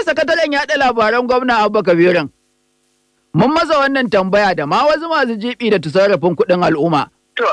ne sakataren yaɗa labaran gwamna Abba Kabirin. Mun maza wannan tambaya da ma wasu masu jibi da tasarrafin kuɗin al'umma. To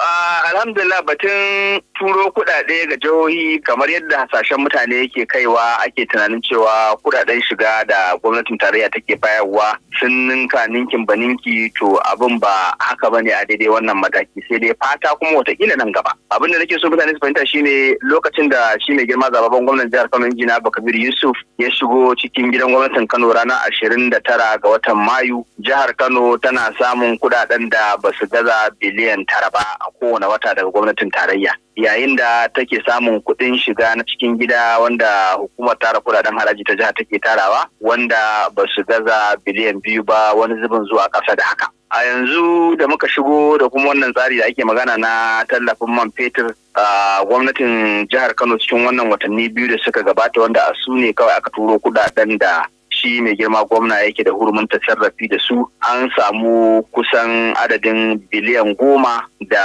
alhamdulillah batun turo kudade ga jihohi kamar yadda hasashen mutane yake kaiwa ake tunanin cewa kudaden shiga da gwamnatin tarayya take bayarwa sun ninka ninkin baninki to abin ba haka bane a daidai wannan mataki sai dai fata kuma watakila nan gaba. Abin da nake so mutane su fahimta shine lokacin da shi mai girma zababen gwamnan jihar Kano Injina Bakabir Yusuf ya shigo cikin gidan gwamnatin Kano ranar ashirin da tara ga watan Mayu jihar Kano tana samun kudaden da basu gaza biliyan tara ba. a kowane wata daga gwamnatin tarayya yayin da take samun kuɗin shiga na cikin gida wanda hukumar tara kudaden haraji ta jihar take tarawa wanda ba su gaza biliyan biyu ba wani zubin zuwa ƙasa da haka a yanzu da muka shigo da kuma wannan tsari da ake magana na tallafin man fetur a gwamnatin jihar kano cikin wannan watanni biyu da suka gabata wanda a su ne kawai aka turo kudaden da shi mai girma gwamna yake da hurumin sarrafi da su an samu kusan adadin biliyan goma da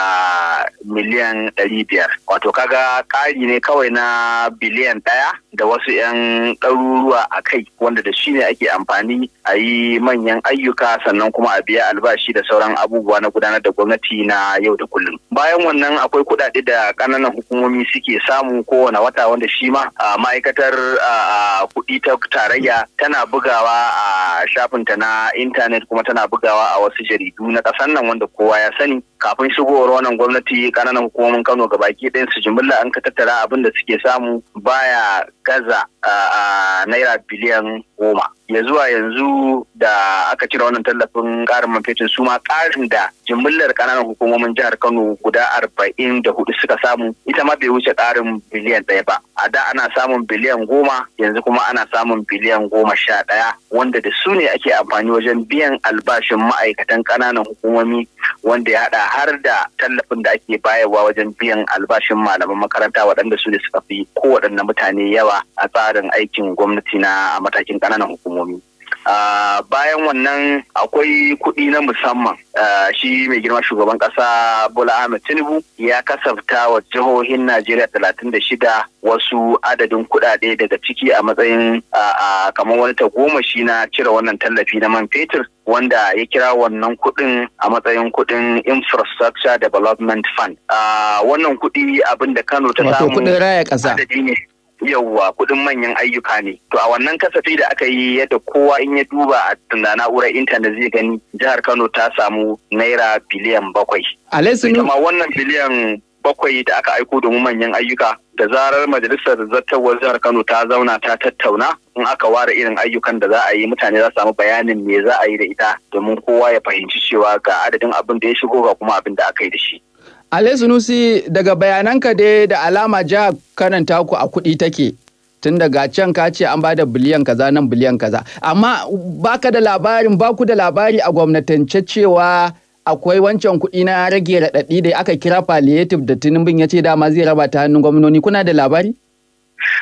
miliyan ɗari biyar wato kaga ƙari ne kawai na biliyan ɗaya da wasu 'yan ɗaruruwa a kai wanda da shi ne ake amfani a yi manyan ayyuka sannan kuma a biya albashi da sauran abubuwa na gudanar da gwamnati na yau da kullum bayan wannan akwai kuɗaɗe da ƙananan hukumomi suke samu kowane wata wanda shi ma ma'aikatar kuɗi ta tarayya tana bugawa a shafinta na intanet kuma tana bugawa a wasu jaridu na ƙasar nan wanda kowa ya sani kafin shigowar wannan gwamnati kananan hukumomin kano ga baki ɗayan su jimilla an ka tattara abin da suke samu baya gaza naira biliyan goma ya zuwa yanzu da aka cire wannan tallafin karin man fetur su ma karin da jimillar kananan hukumomin jihar kano guda arba'in da hudu suka samu ita ma bai wuce karin biliyan ɗaya ba a da ana samun biliyan goma yanzu kuma ana samun biliyan goma sha ɗaya wanda da su ne ake amfani wajen biyan albashin ma'aikatan kananan hukumomi wanda ya haɗa har da tallafin da ake bayarwa wajen biyan albashin malaman makaranta waɗanda su ne suka fi kowaɗanne mutane yawa a tsarin aikin gwamnati na matakin ƙananan hukumomi. bayan wannan akwai kuɗi na musamman shi mai girma shugaban ƙasa bola ahmed tinubu ya kasafta wa jihohin najeriya talatin da shida wasu adadin kuɗaɗe daga ciki a matsayin kamar wani tagomashi na cire wannan tallafi na man fetur wanda ya kira wannan kuɗin a matsayin kuɗin infrastructure development fund wannan kuɗi abin da kano ta samu adadi ne yawwa kudin manyan ayyuka ne to a wannan kasafi da aka yi yadda kowa in ya duba a tunda na'urar intanet zai gani jihar kano ta samu naira biliyan bakwai kuma wannan biliyan bakwai da aka aiko domin manyan ayyuka da zarar majalisar zartarwar jihar kano ta zauna ta tattauna in aka ware irin ayyukan da za a yi mutane za su samu bayanin me za a yi da ita domin kowa ya fahimci cewa ga adadin abin da ya shigo ga kuma abin da aka yi da shi Ali Sunusi daga bayananka dai da alama ja kanan taku a kuɗi take. tun daga can ka ce an da biliyan kaza nan biliyan kaza amma baka da labarin baku da labari a gwamnatance cewa akwai wancan kuɗi na rage raɗaɗi da aka kira palliative da tinubin ya ce dama zai raba ta hannun gwamnoni kuna da labari?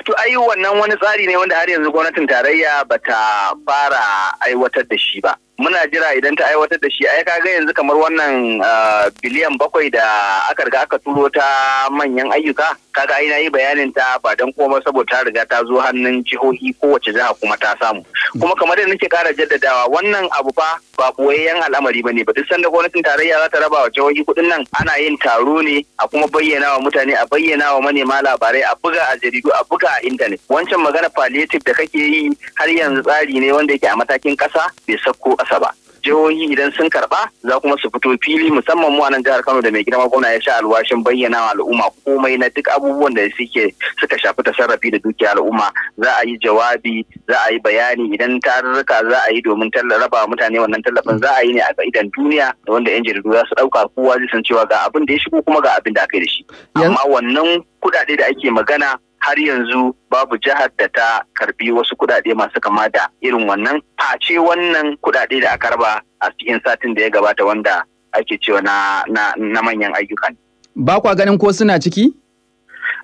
To ayi wannan wani tsari ne wanda har yanzu gwamnatin tarayya bata fara aiwatar da shi ba. muna jira idan ta aiwatar da shi ai kaga yanzu kamar wannan ah, biliyan bakwai da aka riga aka turo ta manyan ayyuka kaga ina yi bayanin ta ba dan koma saboda ta riga ta zo hannun jihohi kowace jiha kuma ta samu kuma kamar da nake kara jaddadawa wannan abu fa ba boyayyen al'amari bane ba duk sanda gwamnatin tarayya za ta raba wa jihohi kuɗin nan ana yin taro ne a kuma bayyana wa mutane a bayyana wa manema labarai a buga a jaridu a buga a intanet wancan magana palliative da kake yi har yanzu tsari ne wanda yake a matakin kasa bai sauko kasa ba jihohi idan sun karba za kuma su fito fili musamman mu a nan jihar Kano da mai girma gwamna ya sha alwashin bayyana wa al'umma komai na duk abubuwan da suke suka shafi tasarrafi da dukiya al'umma za a yi jawabi za a yi bayani idan tarurruka za a yi domin raba mutane wannan tallafin za a yi ne a idan duniya da wanda yan jaridu za su dauka kowa zai san cewa ga abin da ya shigo kuma ga abin da aka yi da shi amma wannan kudade da ake magana har yanzu babu jihar da ta karbi wasu kudade masu kama da irin wannan face wannan kudade da aka raba a cikin satin da ya gabata wanda ake cewa na, na, na manyan ayyukan. Ba kwa ganin ko suna ciki?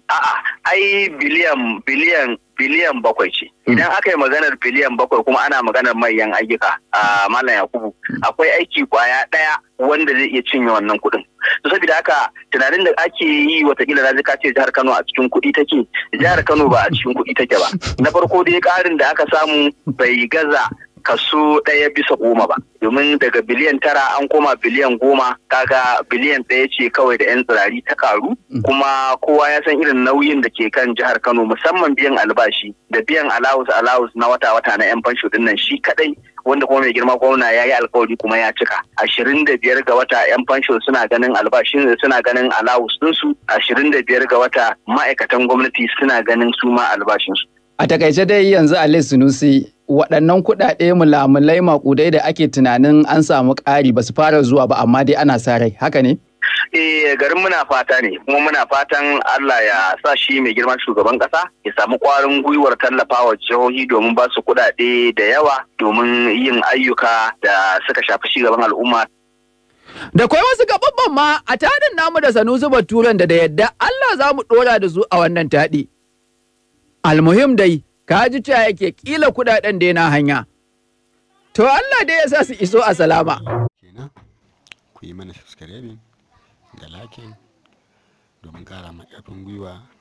A'a, ai biliyan biliyan biliyan bakwai ce. Hmm. Idan aka yi maganar biliyan bakwai kuma ana maganar manyan ayyuka a Malam Yakubu, hmm. akwai aiki kwaya ɗaya wanda zai iya cinye wannan kuɗin. To saboda haka tunanin da ake yi watakila na zika ce jihar Kano a cikin kuɗi take, jihar Kano ba a cikin kuɗi take ba. Na farko dai ƙarin da aka samu bai gaza kaso ɗaya bisa goma ba domin daga biliyan tara an koma biliyan goma kaga biliyan ɗaya ce kawai da 'yan tsirari ta karu mm. kuma kowa ya san irin nauyin da ke kan jihar kano musamman biyan albashi da biyan alawus alawus na wata-wata na 'yan fansho din nan shi kadai wanda kuma mai girma gwamna ya yi alkawari kuma ya cika ashirin da biyar ga wata yan fansho suna ganin albashin suna ganin alawus ɗinsu ashirin da biyar ga wata ma'aikatan gwamnati suna ganin su ma albashinsu a takaice dai yanzu ali sunusi waɗannan kuɗaɗe mulamulai makudai da ake tunanin an samu ƙari ba su fara zuwa ba amma dai ana sa rai haka ne? Eh garin muna fata ne kuma muna fatan Allah ya sa shi mai girman shugaban ƙasa, ya samu ƙwarin gwiwar tallafawa jihohi domin ba su kuɗaɗe da yawa domin yin ayyuka da suka shafi shugaban al'umma. Da kwai wasu gababban ma a tadin namu da zuba turan da da yadda Allah za mu ɗora da su a wannan taɗi. Almuhim dai ka ji cewa yake kila kudaden da yana hanya to Allah dai ya sa su iso a salama kenan ku yi mana subscribing da lakin domin kara ma ƙarfin gwiwa